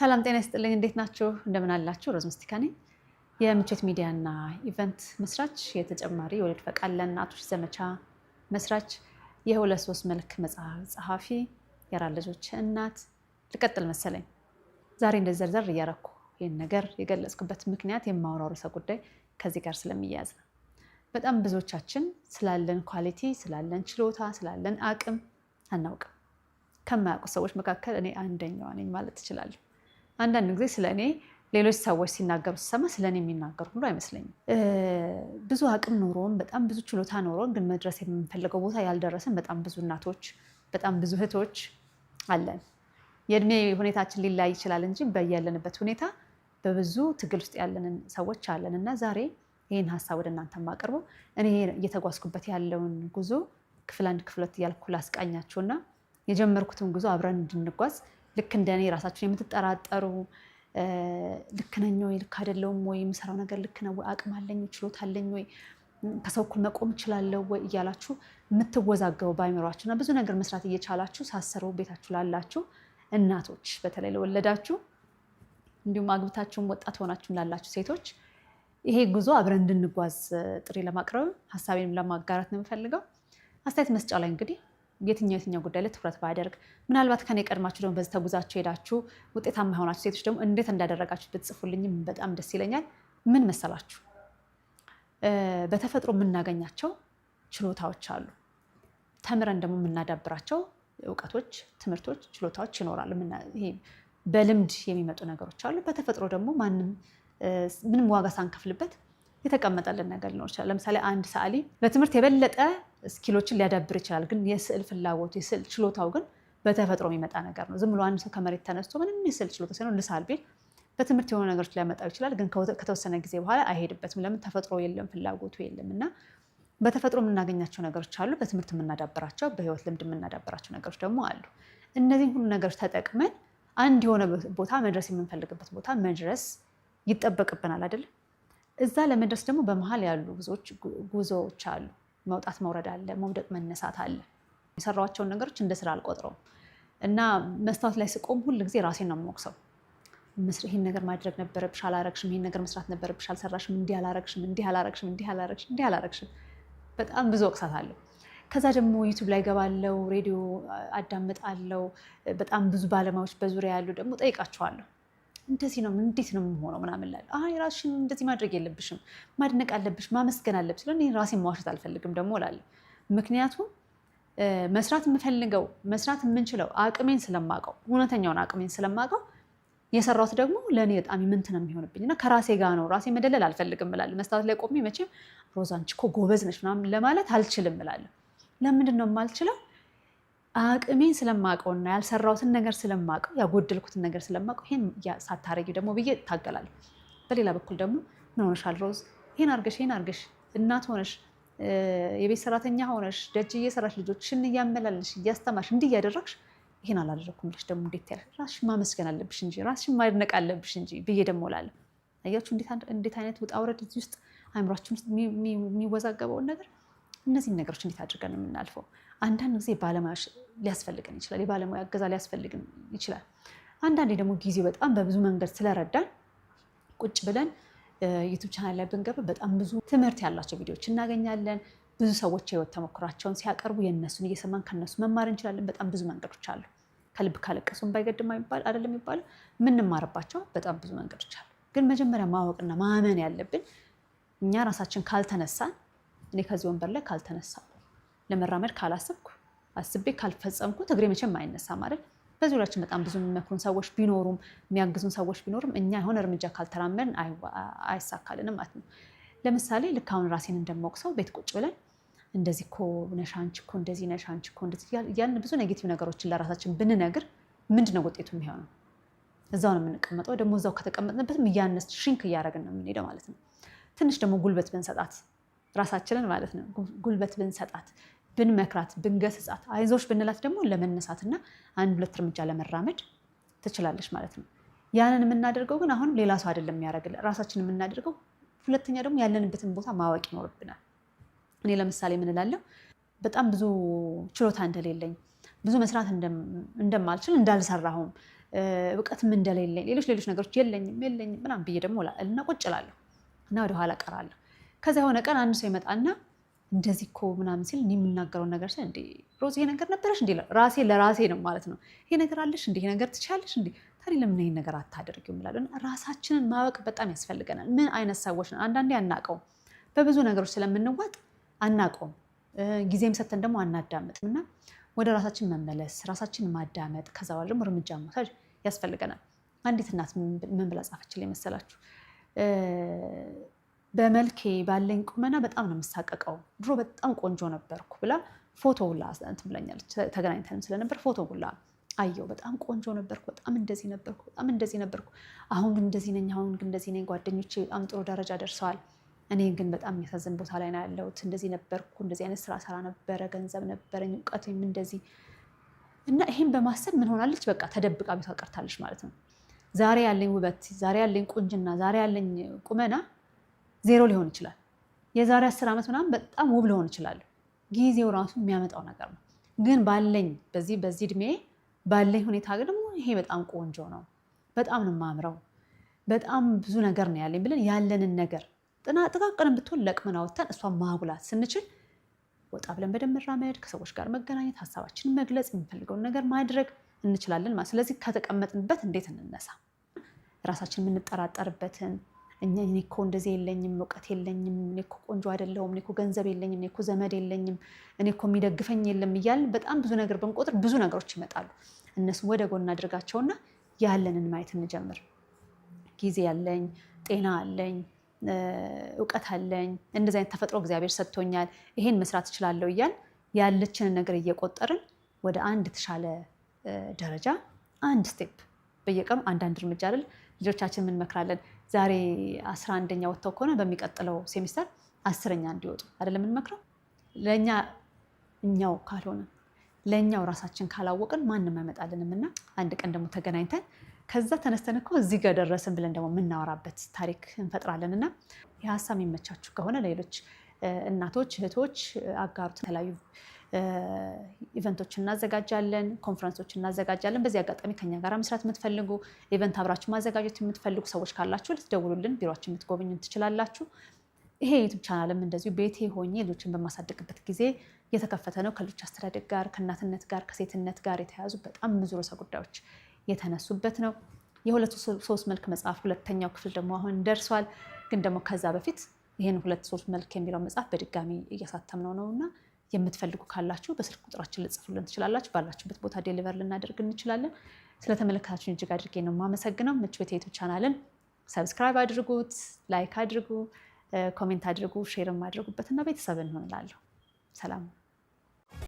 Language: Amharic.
ሰላም ጤና ይስጥልኝ። እንዴት ናችሁ? እንደምን አላችሁ? ሮዝ ምስቲካ ነኝ። የምቾት ሚዲያና ኢቨንት መስራች፣ የተጨማሪ የወሊድ ፈቃድ ለእናቶች ዘመቻ መስራች፣ የሁለት ሶስት መልክ መጽሐፍ ጸሐፊ፣ የአራት ልጆች እናት። ልቀጥል መሰለኝ ዛሬ እንደዘርዘር እያረኩ ይህን ነገር የገለጽኩበት ምክንያት የማወራው ርዕሰ ጉዳይ ከዚህ ጋር ስለሚያያዝ ነው። በጣም ብዙዎቻችን ስላለን ኳሊቲ፣ ስላለን ችሎታ፣ ስላለን አቅም አናውቅም። ከማያውቁ ሰዎች መካከል እኔ አንደኛዋ ነኝ ማለት እችላለሁ። አንዳንድ ጊዜ ስለ እኔ ሌሎች ሰዎች ሲናገሩ ሲሰማ ስለ እኔ የሚናገሩ ሁሉ አይመስለኝም። ብዙ አቅም ኖሮን በጣም ብዙ ችሎታ ኖሮን ግን መድረስ የምንፈልገው ቦታ ያልደረስን በጣም ብዙ እናቶች፣ በጣም ብዙ እህቶች አለን። የእድሜ ሁኔታችን ሊለያይ ይችላል እንጂ በያለንበት ሁኔታ በብዙ ትግል ውስጥ ያለንን ሰዎች አለን እና ዛሬ ይህን ሀሳብ ወደ እናንተ ማቀርበው እኔ እየተጓዝኩበት ያለውን ጉዞ ክፍል አንድ ክፍል ሁለት እያልኩ ላስቃኛችሁና የጀመርኩትን ጉዞ አብረን እንድንጓዝ ልክ እንደኔ ራሳችን የምትጠራጠሩ ልክ ነኝ ወይ ልክ አይደለውም ወይ የምሰራው ነገር ልክ ነው ወይ አቅም አለኝ ችሎታ አለኝ ወይ ከሰው እኩል መቆም እችላለሁ ወይ እያላችሁ የምትወዛገቡ ባይመሯችሁ እና ብዙ ነገር መስራት እየቻላችሁ ሳሰሩ ቤታችሁ ላላችሁ እናቶች በተለይ ለወለዳችሁ እንዲሁም አግብታችሁም ወጣት ሆናችሁም ላላችሁ ሴቶች ይሄ ጉዞ አብረን እንድንጓዝ ጥሪ ለማቅረብ ሀሳቤንም ለማጋራት ነው የምፈልገው። አስተያየት መስጫ ላይ እንግዲህ የትኛው የትኛው ጉዳይ ላይ ትኩረት ባያደርግ፣ ምናልባት ከኔ ቀድማችሁ ደግሞ በዚህ ተጉዛችሁ ሄዳችሁ ውጤታማ የሆናችሁ ሴቶች ደግሞ እንዴት እንዳደረጋችሁ ብትጽፉልኝም በጣም ደስ ይለኛል። ምን መሰላችሁ፣ በተፈጥሮ የምናገኛቸው ችሎታዎች አሉ። ተምረን ደግሞ የምናዳብራቸው እውቀቶች፣ ትምህርቶች፣ ችሎታዎች ይኖራሉ። በልምድ የሚመጡ ነገሮች አሉ። በተፈጥሮ ደግሞ ማንም ምንም ዋጋ ሳንከፍልበት የተቀመጠልን ነገር ሊኖር ይችላል። ለምሳሌ አንድ ሰዓሊ በትምህርት የበለጠ ስኪሎችን ሊያዳብር ይችላል፣ ግን የስዕል ፍላጎቱ የስዕል ችሎታው ግን በተፈጥሮ የሚመጣ ነገር ነው። ዝም ብሎ አንድ ሰው ከመሬት ተነስቶ ምንም የስዕል ችሎታ ሳይሆን ልሳል ቢል በትምህርት የሆኑ ነገሮች ሊያመጣው ይችላል፣ ግን ከተወሰነ ጊዜ በኋላ አይሄድበትም። ለምን? ተፈጥሮ የለም፣ ፍላጎቱ የለም እና በተፈጥሮ የምናገኛቸው ነገሮች አሉ። በትምህርት የምናዳብራቸው በህይወት ልምድ የምናዳብራቸው ነገሮች ደግሞ አሉ። እነዚህን ሁሉ ነገሮች ተጠቅመን አንድ የሆነ ቦታ መድረስ የምንፈልግበት ቦታ መድረስ ይጠበቅብናል አይደለም። እዛ ለመድረስ ደግሞ በመሀል ያሉ ብዙዎች ጉዞዎች አሉ። መውጣት መውረድ አለ፣ መውደቅ መነሳት አለ። የሰራኋቸውን ነገሮች እንደ ስራ አልቆጥረውም እና መስታወት ላይ ስቆም ሁል ጊዜ ራሴን ነው የምወቅሰው። ይህን ነገር ማድረግ ነበረብሽ አላረግሽም፣ ይህን ነገር መስራት ነበረብሽ አልሰራሽም፣ እንዲህ አላረግሽም፣ እንዲህ አላረግሽም፣ እንዲህ አላረግሽም፣ እንዲህ አላረግሽም። በጣም ብዙ አለው። ከዛ ደግሞ ዩቱብ ላይ ገባለው፣ ሬዲዮ አዳምጣለው። በጣም ብዙ ባለሙያዎች በዙሪያ ያሉ ደግሞ ጠይቃቸዋለሁ። እንደዚህ ነው እንዴት ነው የምሆነው ምናምን ላል አይ ራስሽን እንደዚህ ማድረግ የለብሽም ማድነቅ አለብሽ ማመስገን አለብሽ ስለ ራሴን ማዋሸት አልፈልግም ደግሞ እላለሁ። ምክንያቱም መስራት የምፈልገው መስራት የምንችለው አቅሜን ስለማውቀው እውነተኛውን አቅሜን ስለማውቀው የሰራሁት ደግሞ ለእኔ በጣም ምንት ነው የሚሆንብኝ እና ከራሴ ጋር ነው ራሴ መደለል አልፈልግም እላለሁ። መስታወት ላይ ቆሜ መቼም ሮዛ አንቺ እኮ ጎበዝ ነች ምናምን ለማለት አልችልም ላለ ለምንድን ነው የማልችለው? አቅሜን እና ያልሰራሁትን ነገር ስለማውቀው ያጎደልኩትን ነገር ስለማውቀው ይህን ሳታረጊ ደግሞ ብዬ እታገላለሁ። በሌላ በኩል ደግሞ ምን ሆነሻል ሮዝ፣ ይህን አርገሽ ይህን አርገሽ እናት ሆነሽ የቤት ሰራተኛ ሆነሽ ደጅ እየሰራሽ ልጆችሽን እያመላለሽ እያስተማሽ እንዲህ እያደረግሽ ይህን አላደረግኩም ብለሽ ደግሞ እንዴት ያለሽ ራስሽን ማመስገን አለብሽ እንጂ ራስሽን ማድነቅ አለብሽ እንጂ ብዬ ደግሞ እላለሁ። አያችሁ እንዴት አይነት ውጣ ውረድ እዚህ ውስጥ አእምሯችን ውስጥ የሚወዛገበውን ነገር እነዚህን ነገሮች እንዴት አድርገን ነው የምናልፈው? አንዳንድ ጊዜ ባለሙያዎች ሊያስፈልገን ይችላል። የባለሙያ እገዛ ሊያስፈልግን ይችላል። አንዳንዴ ደግሞ ጊዜው በጣም በብዙ መንገድ ስለረዳን ቁጭ ብለን ዩቱብ ቻናል ላይ ብንገባ በጣም ብዙ ትምህርት ያላቸው ቪዲዮዎች እናገኛለን። ብዙ ሰዎች የህይወት ተሞክሯቸውን ሲያቀርቡ የእነሱን እየሰማን ከነሱ መማር እንችላለን። በጣም ብዙ መንገዶች አሉ። ከልብ ካለቀሱን ባይገድም አይደለም የሚባለው። የምንማርባቸው በጣም ብዙ መንገዶች አሉ። ግን መጀመሪያ ማወቅና ማመን ያለብን እኛ ራሳችን ካልተነሳን እኔ ከዚህ ወንበር ላይ ካልተነሳሁ ለመራመድ ካላሰብኩ አስቤ ካልፈጸምኩ እግሬ መቼም አይነሳም አይደል? በዙሪያችን በጣም ብዙ የሚመክሩን ሰዎች ቢኖሩም የሚያግዙን ሰዎች ቢኖሩም እኛ የሆነ እርምጃ ካልተራመድን አይሳካልንም ማለት ነው። ለምሳሌ ልክ አሁን ራሴን እንደማውቅ ሰው ቤት ቁጭ ብለን እንደዚህ እኮ ነሽ አንቺ እኮ እንደዚህ ነሽ አንቺ እኮ እንደዚህ እያልን ብዙ ኔጌቲቭ ነገሮችን ለራሳችን ብንነግር ምንድን ነው ውጤቱ የሚሆነው? እዛው ነው የምንቀመጠው። ደግሞ እዛው ከተቀመጥንበትም እያነስ ሽንክ እያደረግን ነው የምንሄደው ማለት ነው። ትንሽ ደግሞ ጉልበት ብንሰጣት ራሳችንን ማለት ነው ጉልበት ብንሰጣት ብንመክራት ብንገስጻት አይዞች ብንላት ደግሞ ለመነሳትና አንድ ሁለት እርምጃ ለመራመድ ትችላለች ማለት ነው። ያንን የምናደርገው ግን አሁን ሌላ ሰው አይደለም የሚያደርግልን ራሳችን የምናደርገው። ሁለተኛ ደግሞ ያለንበትን ቦታ ማወቅ ይኖርብናል። እኔ ለምሳሌ የምንላለው በጣም ብዙ ችሎታ እንደሌለኝ፣ ብዙ መስራት እንደማልችል፣ እንዳልሰራሁም፣ እውቀትም እንደሌለኝ፣ ሌሎች ሌሎች ነገሮች የለኝም የለኝም ምናምን ብዬ ደግሞ እና ቁጭ እላለሁ እና ወደኋላ ቀራለሁ ከዚያ የሆነ ቀን አንድ ሰው ይመጣና እንደዚህ እኮ ምናምን ሲል እኔ የምናገረውን ነገር ሲል እንዴ ሮዝ ይሄ ነገር ነበረሽ እንዲ ራሴ ለራሴ ነው ማለት ነው ይሄ ነገር አለሽ እንዲ ይሄ ነገር ትችያለሽ እንዲ ታዲያ ለምን ይሄን ነገር አታደርጊው እንላለን ራሳችንን ማወቅ በጣም ያስፈልገናል ምን አይነት ሰዎች ነው? አንዳንዴ አናውቀውም በብዙ ነገሮች ስለምንዋጥ አናውቀውም ጊዜም ሰተን ደግሞ አናዳምጥም እና ወደ ራሳችን መመለስ ራሳችን ማዳመጥ ከዛ በኋላ ደግሞ እርምጃ መውሰድ ያስፈልገናል አንዲት እናት ምን ብላ ጻፈችልኝ መሰላችሁ በመልኬ ባለኝ ቁመና በጣም ነው የምሳቀቀው፣ ድሮ በጣም ቆንጆ ነበርኩ ብላ ፎቶ ሁላ ትብለኛለች። ተገናኝተንም ስለነበር ፎቶ ሁላ አየው። በጣም ቆንጆ ነበርኩ፣ በጣም እንደዚህ ነበርኩ፣ በጣም እንደዚህ ነበርኩ። አሁን ግን እንደዚህ ነኝ፣ አሁን ግን እንደዚህ ነኝ። ጓደኞቼ በጣም ጥሩ ደረጃ ደርሰዋል። እኔ ግን በጣም የሚያሳዝን ቦታ ላይ ነው ያለሁት። እንደዚህ ነበርኩ፣ እንደዚህ አይነት ስራ ሰራ ነበረ፣ ገንዘብ ነበረኝ፣ እውቀት ወይም እንደዚህ እና ይሄን በማሰብ ምን ሆናለች? በቃ ተደብቃ ቤቷ ቀርታለች ማለት ነው። ዛሬ ያለኝ ውበት፣ ዛሬ ያለኝ ቁንጅና፣ ዛሬ ያለኝ ቁመና ዜሮ ሊሆን ይችላል። የዛሬ አስር ዓመት ምናምን በጣም ውብ ሊሆን ይችላሉ። ጊዜው ራሱ የሚያመጣው ነገር ነው። ግን ባለኝ በዚህ በዚህ እድሜ ባለኝ ሁኔታ ግን ደግሞ ይሄ በጣም ቆንጆ ነው፣ በጣም ነው የማምረው፣ በጣም ብዙ ነገር ነው ያለኝ ብለን ያለንን ነገር ጥቃቅንም ብትሆን ለቅመን አወጥተን እሷን ማጉላት ስንችል ወጣ ብለን በደንብ መራመድ፣ ከሰዎች ጋር መገናኘት፣ ሀሳባችንን መግለጽ፣ የምንፈልገውን ነገር ማድረግ እንችላለን ማለት። ስለዚህ ከተቀመጥንበት እንዴት እንነሳ ራሳችን የምንጠራጠርበትን እኛ እኔ እኮ እንደዚህ የለኝም፣ እውቀት የለኝም፣ እኔ እኮ ቆንጆ አይደለሁም፣ እኔ እኮ ገንዘብ የለኝም፣ እኔ እኮ ዘመድ የለኝም፣ እኔ እኮ የሚደግፈኝ የለም እያልን በጣም ብዙ ነገር ብንቆጥር ብዙ ነገሮች ይመጣሉ። እነሱን ወደ ጎን አድርጋቸውና ያለንን ማየት እንጀምር። ጊዜ አለኝ፣ ጤና አለኝ፣ እውቀት አለኝ፣ እንደዚህ አይነት ተፈጥሮ እግዚአብሔር ሰጥቶኛል፣ ይሄን መስራት እችላለሁ እያል ያለችንን ነገር እየቆጠርን ወደ አንድ የተሻለ ደረጃ አንድ ስቴፕ በየቀኑ አንዳንድ እርምጃ አይደል ልጆቻችን መክራለን ዛሬ አስራ አንደኛ ወጥተው ከሆነ በሚቀጥለው ሴሚስተር አስረኛ እንዲወጡ አይደለም የምንመክረው። ለእኛ እኛው ካልሆነ ለእኛው ራሳችን ካላወቅን ማንም አይመጣልንም እና አንድ ቀን ደግሞ ተገናኝተን ከዛ ተነስተን እኮ እዚህ ጋር ደረስን ብለን ደግሞ የምናወራበት ታሪክ እንፈጥራለን እና የሀሳብ የሚመቻችሁ ከሆነ ለሌሎች እናቶች፣ እህቶች አጋሩት የተለያዩ ኢቨንቶች እናዘጋጃለን፣ ኮንፈረንሶች እናዘጋጃለን። በዚህ አጋጣሚ ከኛ ጋር መስራት የምትፈልጉ ኢቨንት አብራችሁ ማዘጋጀት የምትፈልጉ ሰዎች ካላችሁ ልትደውሉልን፣ ቢሮችን የምትጎበኙን ትችላላችሁ። ይሄ ዩቱብ ቻናልም እንደዚሁ ቤቴ ሆኜ ልጆችን በማሳደግበት ጊዜ የተከፈተ ነው። ከልጆች አስተዳደግ ጋር ከእናትነት ጋር ከሴትነት ጋር የተያዙ በጣም ብዙ ርዕሰ ጉዳዮች የተነሱበት ነው። የሁለቱ ሶስት መልክ መጽሐፍ ሁለተኛው ክፍል ደግሞ አሁን ደርሷል። ግን ደግሞ ከዛ በፊት ይህን ሁለት ሶስት መልክ የሚለው መጽሐፍ በድጋሚ እያሳተምነው ነው እና የምትፈልጉ ካላችሁ በስልክ ቁጥራችን ልጽፉልን ትችላላችሁ። ባላችሁበት ቦታ ዴሊቨር ልናደርግ እንችላለን። ስለተመለከታችሁን እጅግ አድርጌ ነው የማመሰግነው። ምቹ ቤት ቻናልን ሰብስክራይብ አድርጉት፣ ላይክ አድርጉ፣ ኮሜንት አድርጉ፣ ሼርም አድርጉበት እና ቤተሰብ እንሆንላለሁ። ሰላም